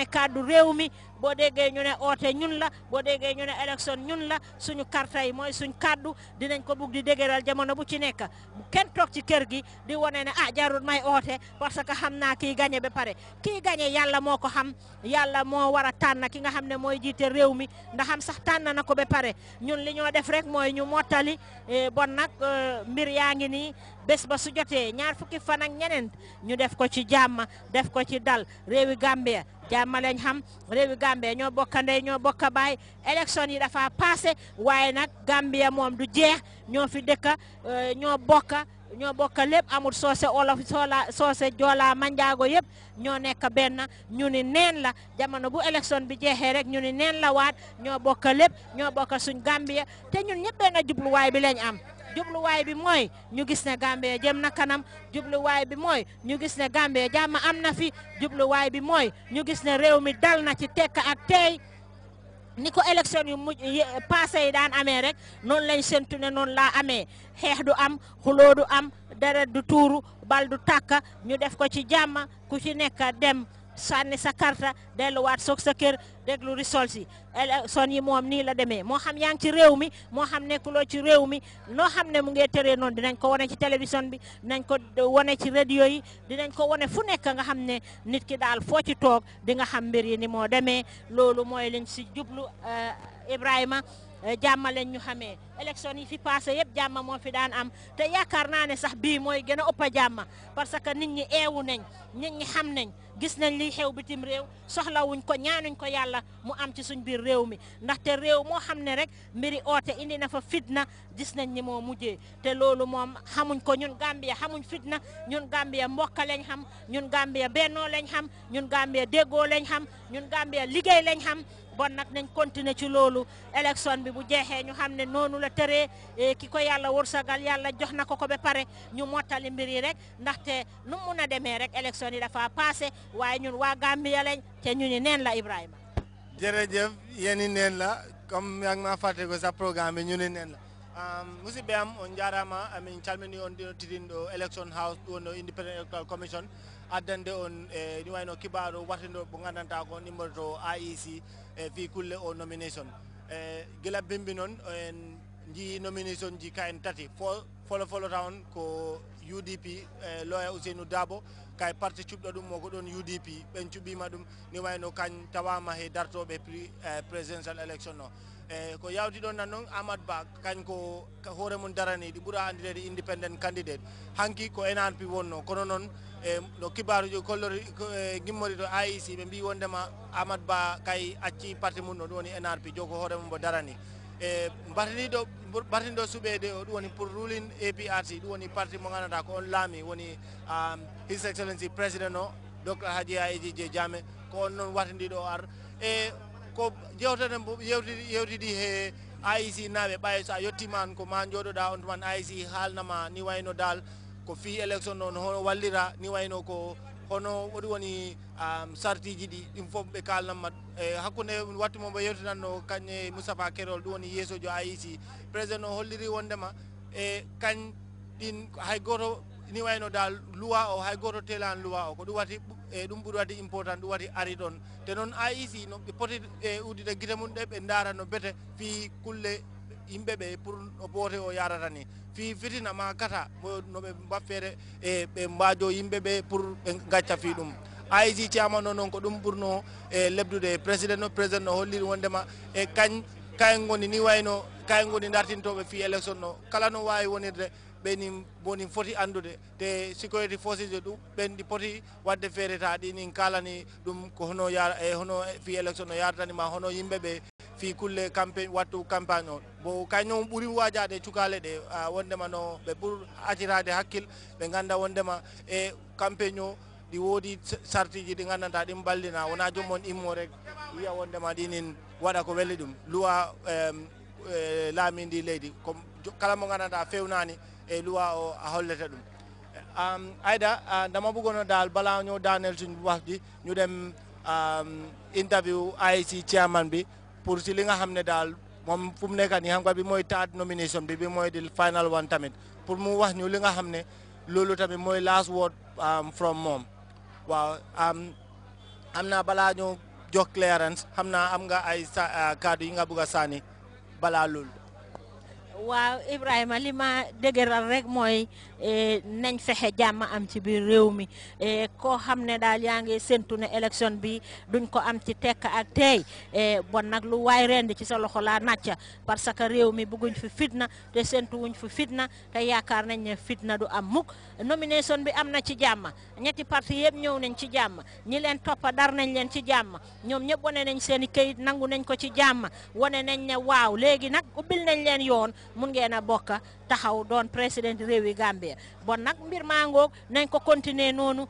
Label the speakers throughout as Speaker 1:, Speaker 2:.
Speaker 1: amee kàddu réew mi boo déggee ñu ne oote ñun la boo déggee ñu ne élection ñun la suñu karta yi mooy suñ kàddu dinañ ko bugg di dégëral jamono bu ci nekk kenn toog ci kër gi di wane ne ah jarul may oote parce que xam naa ki gañe ba pare kii gañe yàlla moo ko xam yàlla moo war a tànn ki nga xam ne mooy jiite réew mi ndax am sax tànn na ko ba pare ñun li ñoo def rek mooy ñu mottali e, bon nag e, mbir yaa ngi nii bés ba su jotee ñaar fukki fan ak ñeneen ñu def ko ci jàmm def ko ci dal réewi jàmm lañ xam réewi Gambie ñoo bokk ndey ñoo bokk baay élection yi dafa passé waaye nag Gambia moom du jeex ñoo fi dëkka euh, ñoo bokk ñoo bokk lépp amul soose olof soola soose joola manjaago yëpp ñoo nekk benn ñu ni neen la jamono bu élection bi jeexee rek ñu ni neen la waat ñoo bokk lépp ñoo bokk suñ Gambia te ñun ñëpp benn jubluwaay bi lañ am. jubluwaay bi mooy ñu gis ne Gambia jem na kanam jubluwaay bi mooy ñu gis ne Gambia jàmm am na fi jubluwaay bi mooy ñu gis ne réew mi dal na ci tekk ak tey ni ko élection yu mujj passé yi daan amee rek noonu lañ séntu ne noonu laa amee xeex du am xuloo du am deret du tuuru bal du tàkka ñu def ko ci jàmm ku ci nekk dem. sànni sa karta delluwaat soog sa kër déglu result yi élection yi moom nii la demee moo xam yaa ngi ci réew mi moo xam nekkuloo ci réew mi loo xam ne mu ngee tëree noonu dinañ ko wane ci télévision bi nañ ko wane ci radio yi dinañ ko wane fu nekk nga xam ne nit ki daal foo ci toog di nga xam mbir yi ni moo demee loolu mooy liñ si jublu eh, Ibrahima Eh, jàmma leen ñu xamee élection yi fi passé yëpp jàmma moo fi daan am te yaakaar naa ne sax bii mooy gën a ëpp a jàmma parce que nit ñi eewu nañ nit ñi xam nañ gis nañ liy xew bitim réew wuñ ko ñaanuñ ko yàlla mu am ci suñ biir réew mi ndaxte réew moo xam ne rek mbiri oote indi na fa fitna gis nañ ni moo mujjee te loolu moom xamuñ ko ñun Gambia xamuñ fitna ñun Gambia mbokka lañ xam ñun Gambia bennoo lañ xam ñun Gambia déggoo lañ xam ñun Gambia liggéey lañ xam bon nag nañ continuer ci loolu élection bi bu jeexee ñu xam ne noonu la tëree e, ki ko yàlla wërsagal yàlla jox na ko ko ba pare ñu mottali mbir yi rek ndaxte nu mu mun a demee rek élection yi dafa passé waaye ñun waa Gambia lañ te ñu ni neen la Ibrahima.
Speaker 2: jërëjëf yéen i neen la comme yaa ngi maa ko sa programme ñu ni neen la. musidɓe am on jarama amin calmini on ɗino tidinɗo élection house ɗo no independent electoral commission addande on e ni wayno kibaro watando mo gandanta ko numéro to aic e eh, fi kulle o nomination e eh, guila bimbi noon en ji nomination ji kayen tati fo folo folota on ko udp e loya ouseinou dabo kay parti cuɓɗo ɗum mo ko ɗon udp ɓen cuɓɓima ɗum ni wayno kañ tawama he dartoɓe prix présidential élection o e ko yawti ɗon nan noon amad ba ko hoore mum darani ɗi ɓuura andirede independent candidate hanki ko enanpi wonno kono noon e no kibaruji kollori e gimmori to aic ɓe mbi wondema amadou ba kay acci parti mum no ɗum woni nrp joko hoore mum mbo darani e mbatanido mbatanido suɓede o ɗum woni pour rulin aprc ɗum woni parti mo ngannata ko on laami woni um, his excellency président o docteur haji aji je jame ko on noon watandiɗo o ar e ko jewtata yewtidi yewtidi e aic naaɓe ɓaye so a yettima an ko ma jooɗoɗa on tuman aic haalnama ni wayno dal ko fi élection noon hono wallira ni wayno ko hono oɗi woni sartiji ɗi ɗin fof ɓe kalnanmat e hakkude wattu momo yewtinanno kañe moussapha kerol ɗum woni yeesojo aic président no holliri wondema e kañ ɗin hay goto ni wayno da loi o hay goto telan loi o ko ɗum wati e ɗum ɓuuri wadde important ɗum wati ari ɗon te noon aic no ɓe poti e uddide guite mum ɗe ɓe daara no bete fi kulle yimɓe ɓe pour no boote o yarata ni fii fitina ma kata no ɓe mbaffeere e ɓe mbaajo yimɓe ɓe pour ɓe gacca fii ɗum aic chairman o noon ko ɗum ɓurno e lebdude président no président no holliri wondema e kañ kayen goni ni wayno kayen goni dartintoɓe fii élection no kala no wawi wonirde ɓeni boni foti andude te sécurité fossis e ɗum ɓen ɗi poti wadde feere taɗi nin kalani ɗum ko hono yar e hono fii élection no yardani ma hono yimɓeɓe fi kulle campagne wattu campagne o bon kañum ɓuuri wajade cukale ɗe wondema no ɓe ɓuur attirade hakkil ɓe ganda wondema e campagne o ɗi woodi sartiji ɗi gandanta ɗin ballina wona jommon immo rek wiya wondema ɗinin waɗa ko welli ɗum luwa laami ndi leydi comme kala mo gandanta fewnani e luwa o a hollete ɗum um, ayda uh, dama bëggoon a daal balaa ñoo daaneel suñ bu wax ji ñu dem um, interview IEC chairman bi pour si li nga xam ne daal moom fu mu nekk nii xam nga bi mooy third nomination bi bi mooy di final one tamit pour mu wax ñu li nga xam ne loolu tamit mooy last word um, from moom waaw um, am naa balaa ñu jox clearance xam naa am nga ay uh, kàddu yi nga bugg a sànni balaa loolu.
Speaker 1: waaw Ibrahima li ma dëgëral rek mooy eh, nañ fexe jàmm am ci biir réew mi eh, koo xam ne daal yaa ngi séntu ne élection bi duñ ko am ci tekk ak tey eh, bon nag lu waay rend ci sa loxo laa nàcca parce que réew mi bëgguñ fi fitna te séntu wuñ fi fitna te yaakaar nañ ne fitna du am mukk nomination bi am na ci jàmm ñetti parti yëpp ñëw nañ ci jàmm ñi leen toppa dar nañ leen ci jàmm ñoom ñëpp wane nañ seen i këyit nangu nañ ko ci jàmm wane nañ ne waaw léegi nag ubbil nañ leen yoon mun taxaw doon président réewi Gambia bon nag mbir maa ngoog nañ ko continuer noonu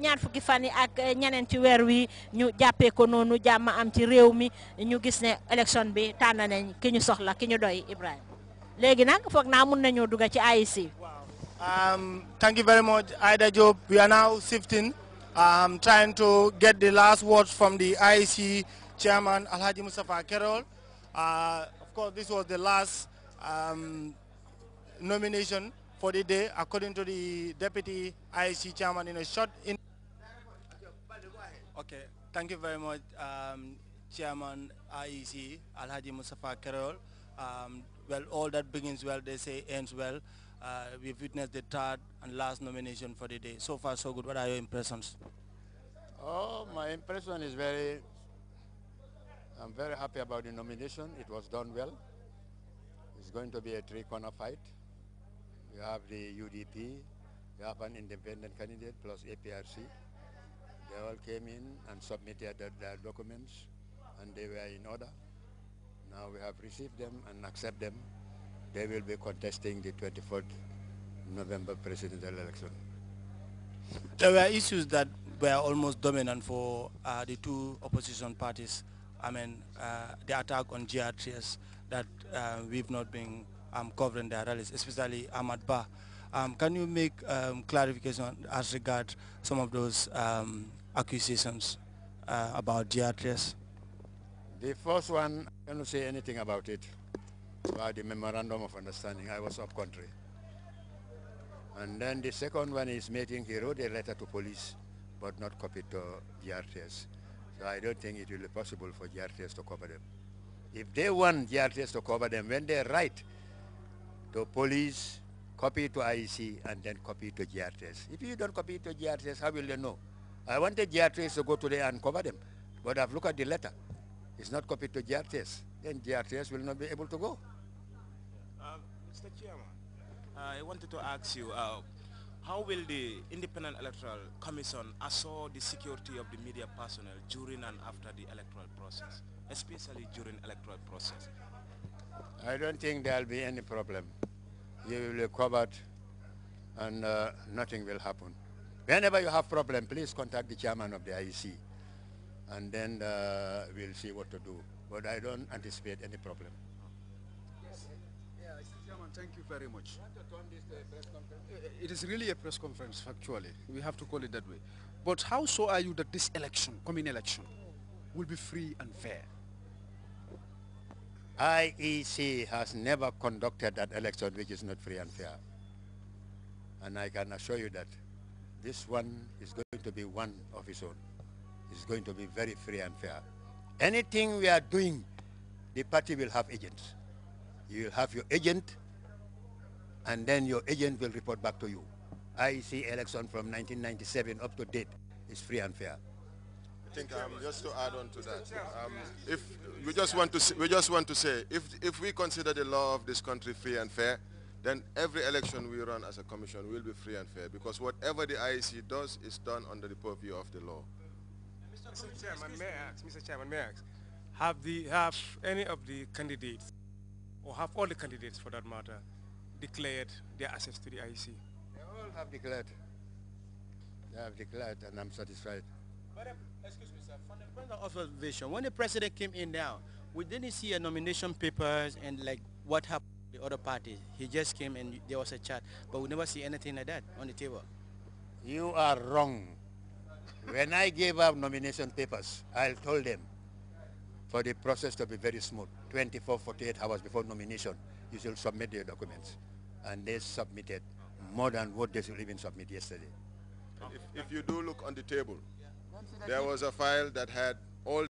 Speaker 1: ñaar fukki fan yi ak ñeneen ci weer wi ñu jàppee ko noonu jàmm am ci réew mi ñu gis ne élection bi tànn nañ ki ñu soxla ki ñu doy Ibrahima léegi nag foog naa mun nañoo ci
Speaker 2: Um, thank you very much, Ida Job. We are now shifting, um, trying to get the last words from the IEC chairman, Alhaji Mustafa Carroll. Uh, of course, this was the last um, nomination for the day, according to the deputy IEC chairman in a short... In okay, thank you very much, um, Chairman IEC, Alhaji Mustafa Carol. Um, well, all that begins well, they say ends well. Uh, we've witnessed the third and last nomination for the day. So far, so good. What are your impressions?
Speaker 3: Oh, my impression is very, I'm very happy about the nomination. It was done well. It's going to be a three-corner fight. We have the UDP, we have an independent candidate plus APRC. They all came in and submitted their, their documents and they were in order. Now we have received them and accept them. They will be contesting the 24th November presidential election. There were issues that were almost dominant for uh, the two
Speaker 2: opposition parties. I mean, uh, the attack on GRTS that uh, we've not been um, covering their rallies, especially Ahmad Ba. Um, can you make um, clarification as regards some of those accusations uh, about GRTS?
Speaker 3: The first one, I cannot say anything about it, about the memorandum of understanding. I was up country. And then the second one is meeting, he wrote a letter to police, but not copied to GRTS. So I don't think it will be possible for GRTS to cover them. If they want GRTS to cover them, when they write to police, copy to IEC, and then copy to GRTS. If you don't copy to GRTS, how will they know? I wanted GRTS to go today and cover them, but I've looked at the letter. It's not copied to GRTS. Then GRTS will not be able to go.
Speaker 2: Uh, Mr. Chairman, uh, I wanted to ask you, uh, how will the Independent Electoral Commission assure the security of the media personnel during and after the electoral process, especially during electoral process?
Speaker 3: I don't think there will be any problem. You will be covered and uh, nothing will happen. Whenever you have problem, please contact the chairman of the IEC and then uh, we'll see what to do. But I don't anticipate any problem. Thank you very much. It is really a press conference, factually. We have to call it that way. But how sure so are you that this election, coming election, will be free and fair? IEC has never conducted an election which is not free and fair. And I can assure you that this one is going to be one of its own. It's going to be very free and fair. Anything we are doing, the party will have agents. You will have your agent and then your agent will report back to you. IEC election from 1997 up to date is free and fair.
Speaker 2: I think um, just to add on to that, um,
Speaker 3: if we just want to say, we just want to say if if we consider the law of
Speaker 2: this country free and fair, then every election we run as a commission will be free and fair because whatever the IEC does is done under the purview of the law.
Speaker 1: Mr. Chairman, may I ask,
Speaker 3: Mr. Chairman, may I ask, have the have any of the candidates, or have all the candidates for that matter, declared their assets to the IEC? They all have declared. They have declared, and I'm satisfied. But, excuse me, sir, from the point of observation, when the president came in now, we didn't see a nomination papers and like what happened to the other parties. He just came and there was a chat, but we never see anything like that on the table. You are wrong. when I gave up nomination papers, I told them for the process to be very smooth, 24, 48 hours before nomination, you should submit your documents and they submitted more than what they should even submit yesterday.
Speaker 2: If, if you do look on the table, there was a file that had all